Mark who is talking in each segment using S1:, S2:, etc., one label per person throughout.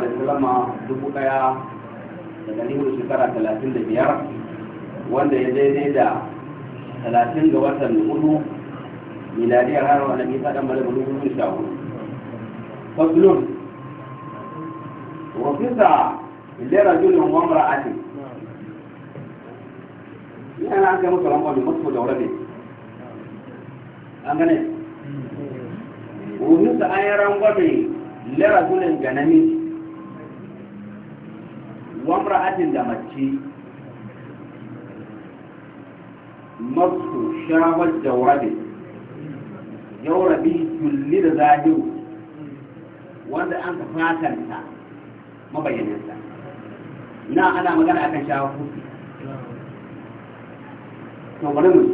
S1: alaihi wasallama dubu daya daga dari shekara talatin da biyar wanda ya daidai da talatin ga watan hudu miladiyar har wa nabi sadan mala bulu hudu sha hudu fasulun rufisa lera julin wamra ati yana an kai musu rambar da masu da wurabe an gane rufisa hmm. an yi rambar lera julin ganami wamra'atin da mace masu shawar jaurabi jaurabi julli da zahiru wanda an ka fatanta mabayyaninsa na ana magana akan shawar kufi to bari mu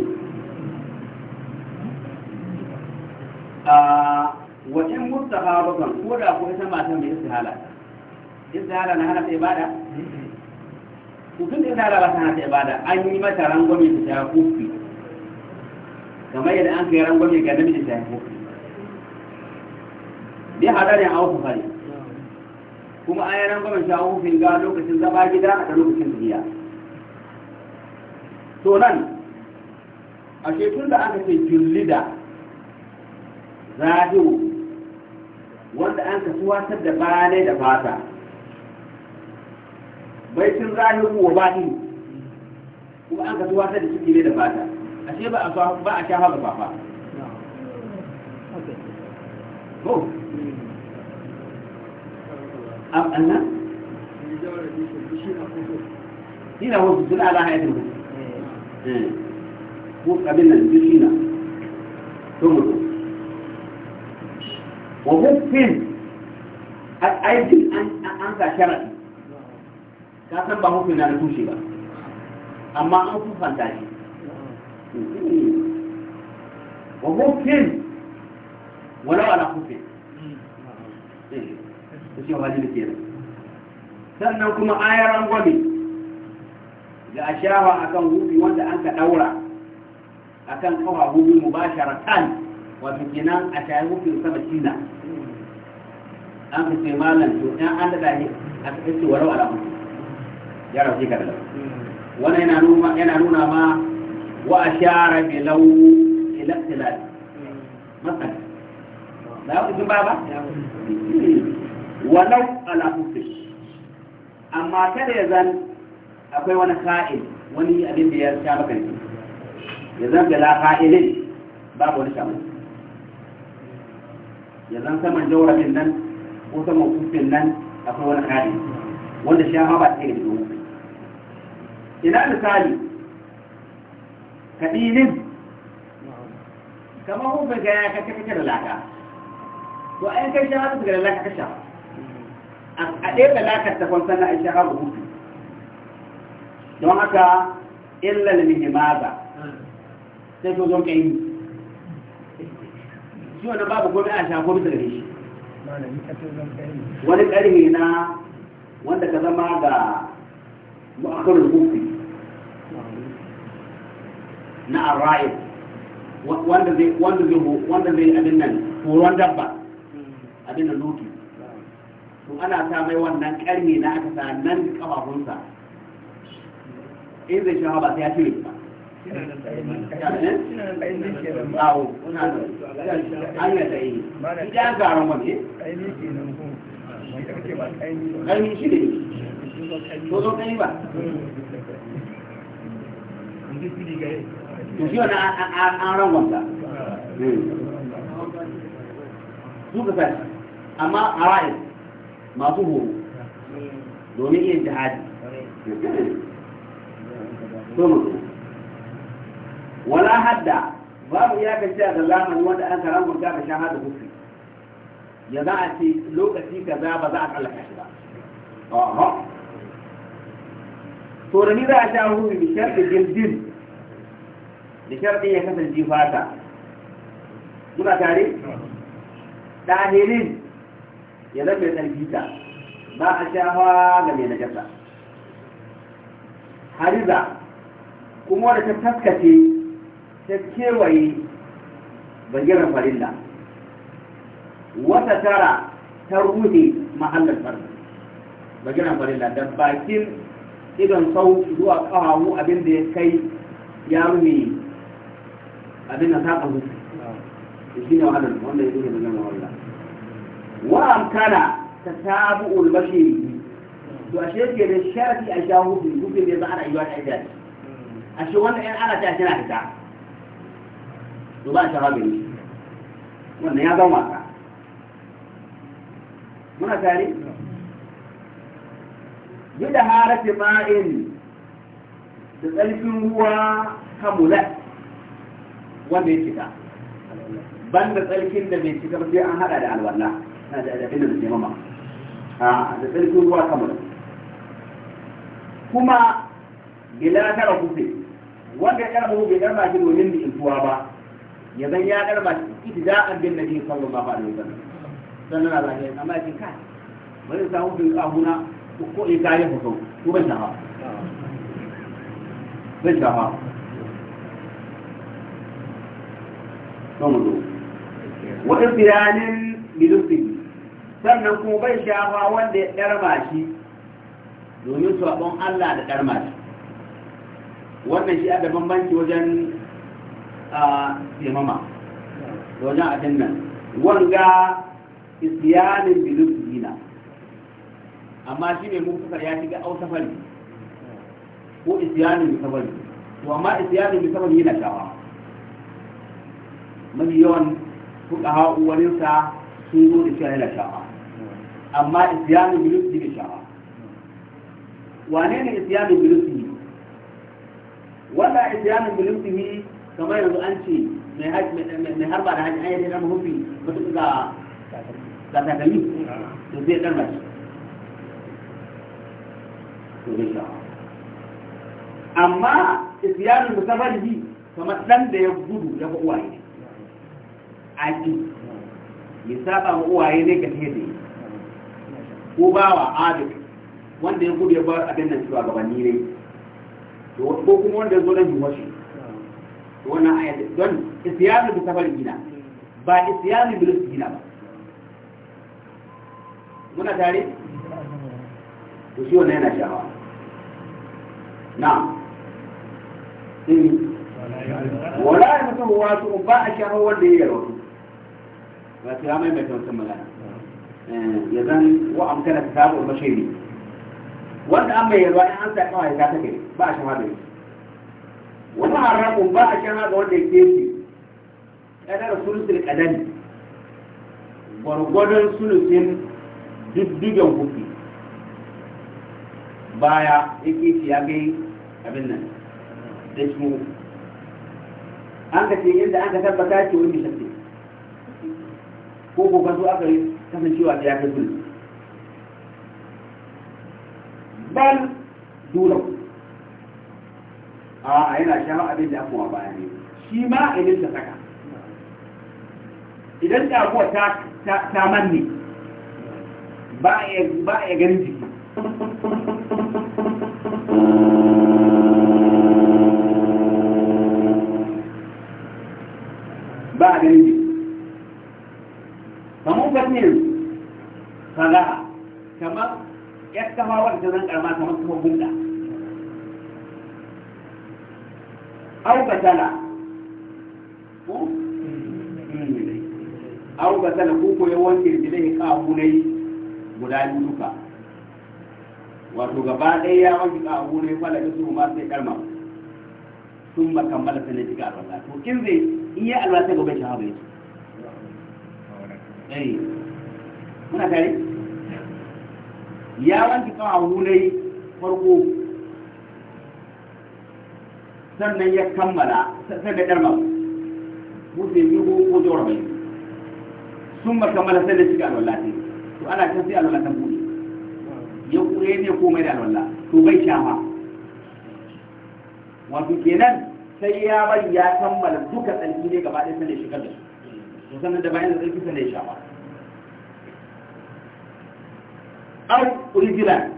S1: wajen in mustahabatan ko da kuma ita mata mai istihala istihala na hana ibada mutum da ya tara ba tana ta ibada an yi mata rangwame da ta kofi kamar yadda an kai rangwame ga namiji ta kofi bai hada a an fari kuma an yi rangwame ta kofi ga lokacin zaba gida da lokacin duniya to nan a shekun da aka ce jullida zahiru wanda an kasuwa da bayanai da fata baitin zahiru wa baɗi kuma an kasu wasa da ciki ne da fata ashe ba a ba a sha gaba ba ko am anna dina wasu sun ala hayatin ku eh. ko abin nan dukina to mutu wa hukfin a aikin an sa sharadi ka san ba hukumi na tushe ba amma an kufanta shi wa wala walau ala hukum ta ce wajibi ke sannan kuma ayar rangwame ga ashawa akan hudu wanda an ka daura akan kawa hudu mu ba sharatan wato kenan a shayi hudu sama cina an fi ce malam to ɗan an da ɗahe a ka ce warau ala ya rabu ka da lau wannan yana nuna ma wa ashara bi lau ila tilal masan da ku ba ba walau ala kufi amma kada ya zan akwai wani ka'il wani abin da ya sha maka ya zan bila ka'ilin babu wani shamu ya zan saman jawarabin nan ko saman kufin nan akwai wani ka'il wanda sha ma ba ta yi da ina misali kabilin kamar hukun ga ya kake kake da laka to ayan kai shawa ta da laka kasha a ɗaya laka ta kwantar na aisha abu hutu don haka illal mihimaza sai to zo kai shi wani babu gobe a shago bisa gare shi wani ƙarfe na wanda ka zama ga mu'akarul hukum na arra'ib wanda zai wanda zai wanda zai abin nan horon dabba abin nan lutu to ana sa mai wannan karni na aka sa nan kafafunsa in zai shafa ba sai ya cire ba an ta yi, idan shi ne, ko zo ba? to shi wannan an rangwanta hmm. su ka sani amma a ra'ayi masu horo domin iya jihadi so wala hadda babu ya kace a zalaman wanda an karanta ka shahada hukumi ya za a ce lokaci kaza ba za a kallaka shi ba to da ni za a sha hukumi bi sharti jirgin. da sharɗin ya kasance fata muna tare ɗahirin ya zama ɗarfi ta ba a shafa ga mai najasa hariza kuma wadda ta taskace ta kewaye bangaren farilla wata tara ta rute mahallar farilla bangaren farilla da bakin idon sau zuwa abin da ya kai ya rufe أبينا ساقه يجينا وعلم وأنا يجينا بجمع الله وأم كان تتابع البشر وأشيك للشارة أجاوه في جوكي بيضعر أيها الحجاج أشيك وأنا إن إيه أنا تأتينا حتى وضع wanda ya cika ban da tsarkin da bai cika sai an hada da alwala na da adabin da zai mama a ah, da tsarkin ruwa kamar kuma bila tara kufe wanda ya karbo bai karba shi domin da intuwa ba ya zan ya karba shi ibtida'an bin nabi sallallahu alaihi wasallam sannan na zai amma shi kai bari ta hu bin kahuna ko in kare hoto ko ban shafa ban shafa wa ibyanin bilufi sannan kuma bai shafa wanda ya darma shi domin sabon Allah da darma shi wannan shi da bambanci wajen a imama wajen adin nan wanga isyanin bilufi na amma shi ne mun fukar ya shiga au safari ko isyanin bi safari to amma isyanin bi safari yana shafa مليون فقهاء ورثة سوروا لشاهل شعر أما إسيان بلسي بشعر وأنين إسيان بلسي ولا إسيان بلسي كما يقول أنشي من هاي من هاي بعد هاي أيام هنا مهم في بس إذا إذا تكلم تزيد المش أما إسيان المسافر هي فمثلا ده يبدو يبقى وايد Ali ya saba ma uwaye ne ga hede ko ba wa adil wanda ya gudu ya bar abin nan cewa gabanni ne ko kuma wanda ya zo nan yiwuwa shi wannan ayat don isyanu bi safar gina ba isyanu bi lusu gina ba muna tare to shi wannan yana shawa na, wala yamtu wasu ba a shawa wanda ya yi wato ya maimaita wata magana eh, ya zan wa amkana ta sabu mashairi wanda an mai ba in an sa kawai ta take ba a shahada ne Wani ma'arraqun ba a shahada wanda ya yake shi kadar sulusul qadami gwargwadon sulusin diddigan hukki baya ya ke shi ya gai abin nan da shi an ka ce yadda an ka tabbata ce wani shafi ko gobe su aka yi kasancewa ta ya kai sulhu ban dura a yana shawar abin da kuma baya ne shi ma ilin ta saka idan ta ta ta manne ba a ganin jiki ta zan karama kamar kuma bunda au batala ko au batala ko ko ya wanke bidai ka hunai guda biyu duka wato gaba ɗaya ya wanke ka hunai fala da su ma sai karma sun ba kammala sanin jika alwala to kin zai iya alwala ta gaba shahaba yake eh muna tare ya wanke abu ne farko sannan ya kammala sai da ɗarma buɗe yi ko zuwa bai sun ba kammala sai da shiga alwallati to ana kan sai alwallatan buɗe ya kure ne ko mai da alwalla to bai shafa wato kenan sai ya bari ya kammala duka tsarki ne gaba ɗaya sai da shigar da su sannan da bayan da tsarki sai da shafa أو رجلا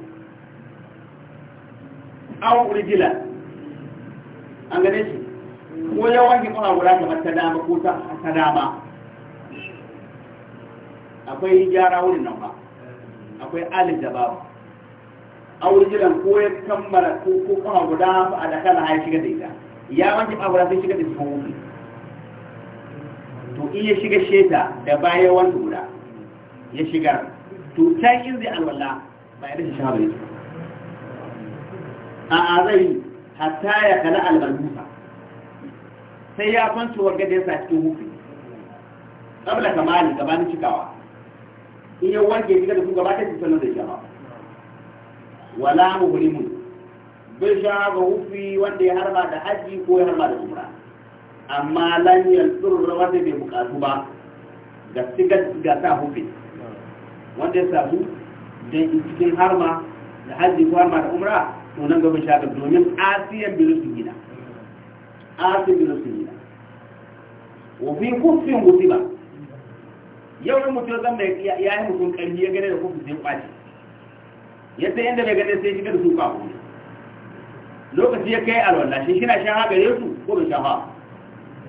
S1: أو رجلا an gane shi ko yawanci kuna guda kamar ta dama ko ta dama akwai gyara wurin nan ba akwai alif da babu auren ko ya kammala ko ko kuma guda a da kala ya shiga da ita ya wanke babura sai shiga da su wuri to in ya shiga sheta da baya wanda guda ya shigar to can in zai alwala ba ya shi shawar yake a a zai hatta ya kala albalbusa sai ya san warga da ya sa cikin hufi tsabla kamali gabanin cikawa in ya wanke shiga da su gabata su sanar da shawa wala mu mun. bai sha ga hufi wanda ya harba da haji ko ya harba da umra amma lan yaltur wanda bai bukatu ba ga sigar ga sa hufi wanda ya samu da cikin harma da hajji ko harma da umra to nan gaba sha domin asiyan bi rusul gida asiyan bi rusul gida wa fi kufin musiba yau in mutum zan mai ya yi mutum karni ya gane da kufin sai kwaci yadda yadda bai gane sai shiga da su kawo lokaci ya kai alwala shi shi na shan haka su ko bai shan haka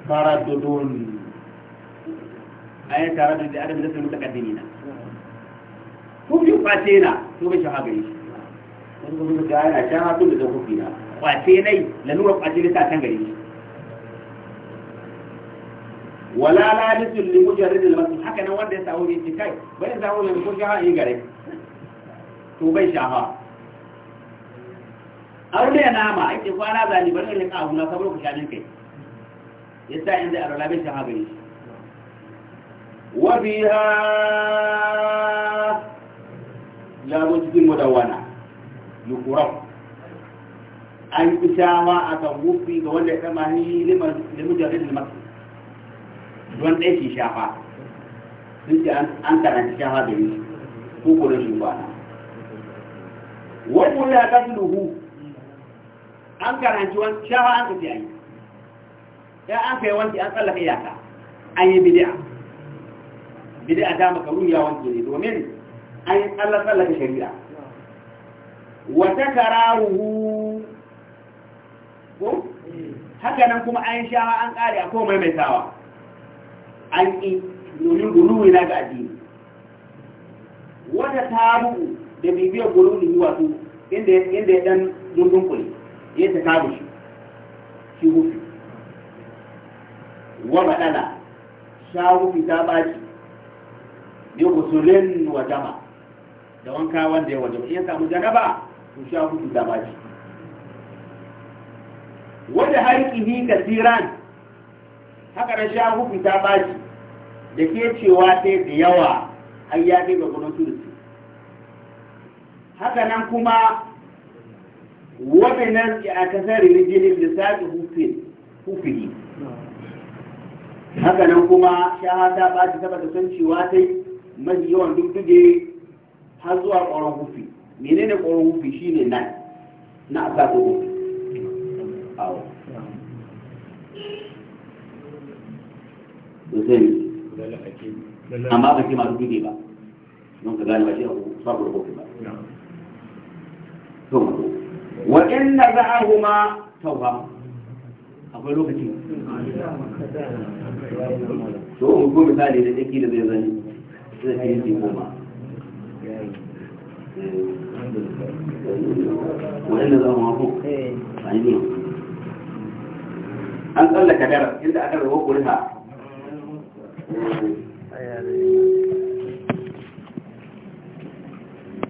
S1: fara dodon ayyar tare da adam da sun mutakaddini na kufi kwace na to bai shi haga yi wani gudu da na can tun da zan kufi na kwace nai lalura kwace ne ta can gari wala lalisun li mujarrid al masu haka nan wanda ya samu ne ci kai bai samu ne ko shaha yi gari. to bai shaha aure ya nama ake kwana zani bari ne ka na saboda ku shanin kai yasa yanzu a ralabe shaha gari wa biha ya cikin mudawwana yukurau an yi shawa a kan wufi ga wanda ya kama ni liman da masu don ɗaya shi shafa sun ce an karanta shafa da yi ko ko rashin na. wani wuri a kasu luhu an karanci wani shafa an kafi ayi ya an kai wanki an tsallaka iyaka an yi bidi'a bidi'a ta makaru ya wanke ne domin an yi tsallatsallar shari'a wata kararuhu ko haka nan kuma an shawa an kare a ko maimaitawa an yi domin guluwi na ga addini wata tabu da bibiyar ni wato inda ya ɗan zurgun kuli ya ta tabu shi shi hufi wa baɗala sha hufi ta ɓaci ne kusurin wa jama da wanka wanda ya wajaba in ya samu janaba to sha hutu da baki wanda harkihi kasiran haka da sha hutu ta baki da ke cewa sai da yawa har ya kai ga gudun sulusi haka nan kuma wani ke a kasar rijinin lissafi ne. haka nan kuma shaha ta ɓaci da sun cewa sai mafi yawan duk duge har zuwa ƙoron hufi menene ƙoron hufi shine nan na a sata hufi awo amma ba ke masu dubi ba don ka gane ba shi a da kofi ba to wa in na za'ahuma tawham akwai lokaci to mu ko misali da take da zai zani zai yi goma za mu a yi an tsallaka darar inda aka rawa ha.